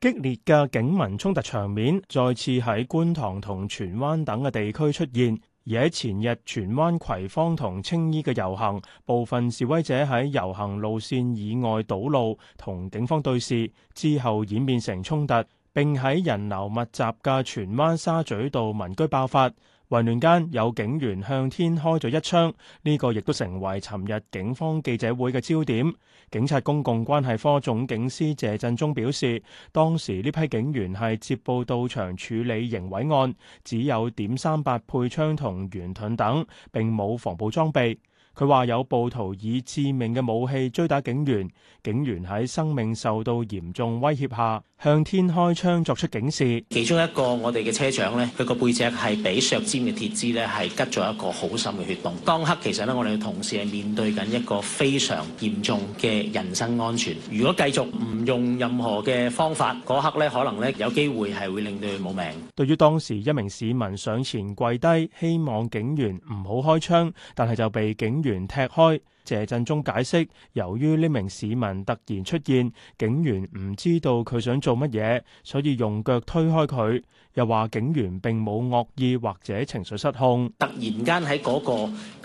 激烈嘅警民衝突場面再次喺觀塘同荃灣等嘅地區出現，而喺前日，荃灣葵芳同青衣嘅遊行，部分示威者喺遊行路線以外堵路，同警方對峙，之後演變成衝突。並喺人流密集嘅荃灣沙咀道民居爆發，混亂間有警員向天開咗一槍，呢個亦都成為尋日警方記者會嘅焦點。警察公共關係科總警司謝振中表示，當時呢批警員係接報到場處理刑毀案，只有點三八配槍同圓盾等，並冇防暴裝備。佢話有暴徒以致命嘅武器追打警員，警員喺生命受到嚴重威脅下，向天開槍作出警示，其中一個我哋嘅車長呢，佢個背脊係俾削尖嘅鐵枝呢，係拮咗一個好深嘅血洞。當刻其實呢，我哋嘅同事係面對緊一個非常嚴重嘅人身安全。如果繼續唔用任何嘅方法，嗰刻呢可能呢，有機會係會令到佢冇命。對於當時一名市民上前跪低，希望警員唔好開槍，但係就被警員踢開。謝振中解釋，由於呢名市民突然出現，警員唔知道佢想做乜嘢，所以用腳推開佢。又話警員並冇惡意或者情緒失控，突然間喺嗰個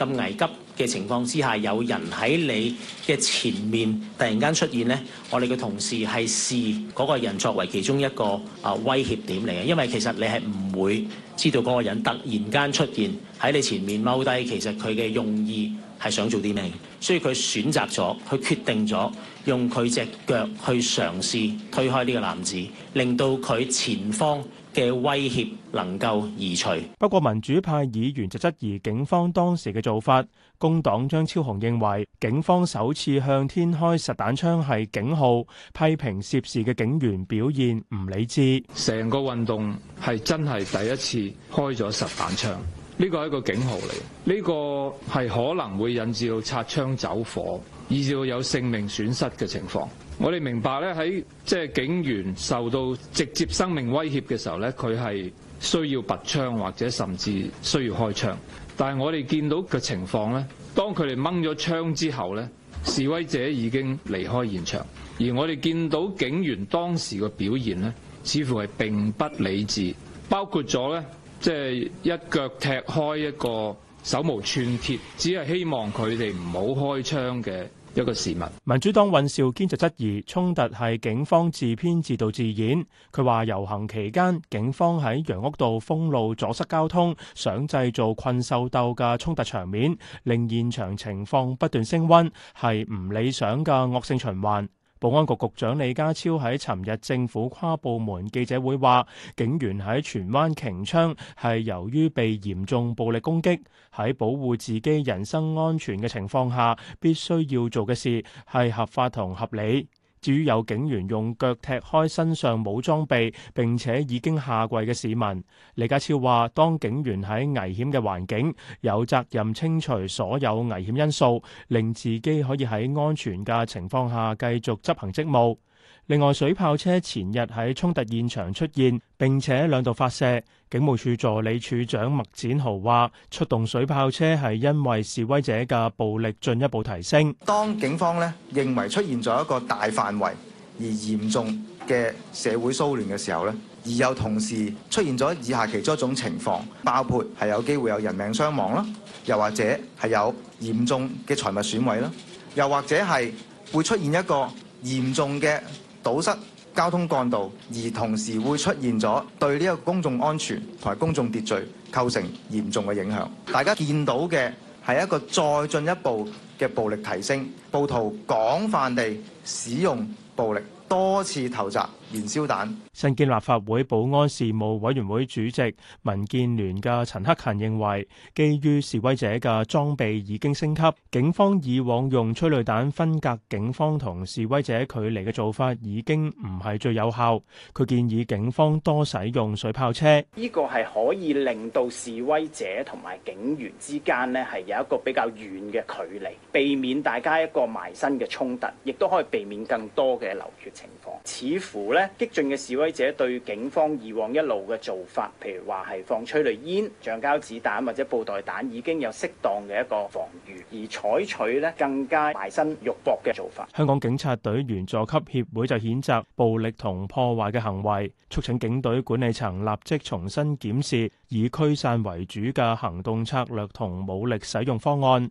咁危急。嘅情況之下，有人喺你嘅前面突然間出現呢，我哋嘅同事係視嗰個人作為其中一個啊威脅點嚟嘅，因為其實你係唔會知道嗰個人突然間出現喺你前面踎低，其實佢嘅用意係想做啲咩。所以佢選擇咗，佢決定咗用佢隻腳去嘗試推開呢個男子，令到佢前方嘅威脅能夠移除。不過民主派議員就質疑警方當時嘅做法。工黨張超雄認為警方首次向天開實彈槍係警號，批評涉事嘅警員表現唔理智。成個運動係真係第一次開咗實彈槍。呢個係一個警號嚟，呢個係可能會引致到擦槍走火，以至到有性命損失嘅情況。我哋明白咧，喺即係警員受到直接生命威脅嘅時候咧，佢係需要拔槍或者甚至需要開槍。但係我哋見到嘅情況咧，當佢哋掹咗槍之後咧，示威者已經離開現場，而我哋見到警員當時嘅表現咧，似乎係並不理智，包括咗咧。即係一腳踢開一個手無寸鐵，只係希望佢哋唔好開槍嘅一個市民。民主黨尹兆堅就質疑衝突係警方自編自導自演。佢話遊行期間，警方喺洋屋道封路阻塞交通，想製造困獸鬥嘅衝突場面，令現場情況不斷升溫，係唔理想嘅惡性循環。保安局局長李家超喺尋日政府跨部門記者會話，警員喺荃灣擎槍係由於被嚴重暴力攻擊，喺保護自己人身安全嘅情況下，必須要做嘅事係合法同合理。至於有警員用腳踢開身上冇裝備並且已經下跪嘅市民，李家超話，當警員喺危險嘅環境，有責任清除所有危險因素，令自己可以喺安全嘅情況下繼續執行職務。另外，水炮車前日喺衝突現場出現，並且兩度發射。警務處助理處長麥展豪話，出動水炮車係因為示威者嘅暴力進一步提升。當警方咧認為出現咗一個大範圍而嚴重嘅社會騷亂嘅時候咧，而又同時出現咗以下其中一種情況，包括係有機會有人命傷亡啦，又或者係有嚴重嘅財物損毀啦，又或者係會出現一個嚴重嘅堵塞交通幹道，而同時會出現咗對呢個公眾安全同埋公眾秩序構成嚴重嘅影響。大家見到嘅係一個再進一步嘅暴力提升，暴徒廣泛地使用暴力，多次投擲燃燒彈。新建立法會保安事務委員會主席民建聯嘅陳克勤認為基於示威者嘅裝備已經升級，警方以往用催淚彈分隔警方同示威者距離嘅做法已經唔係最有效。佢建議警方多使用水炮車，呢個係可以令到示威者同埋警員之間咧係有一個比較遠嘅距離，避免大家一個埋身嘅衝突，亦都可以避免更多嘅流血。似乎呢激進嘅示威者對警方以往一路嘅做法，譬如話係放催淚煙、橡膠子彈或者布袋彈，已經有適當嘅一個防禦。而採取呢更加埋身肉搏嘅做法。香港警察隊員佐級協會就譴責暴力同破壞嘅行為，促請警隊管理層立即重新檢視以驅散為主嘅行動策略同武力使用方案。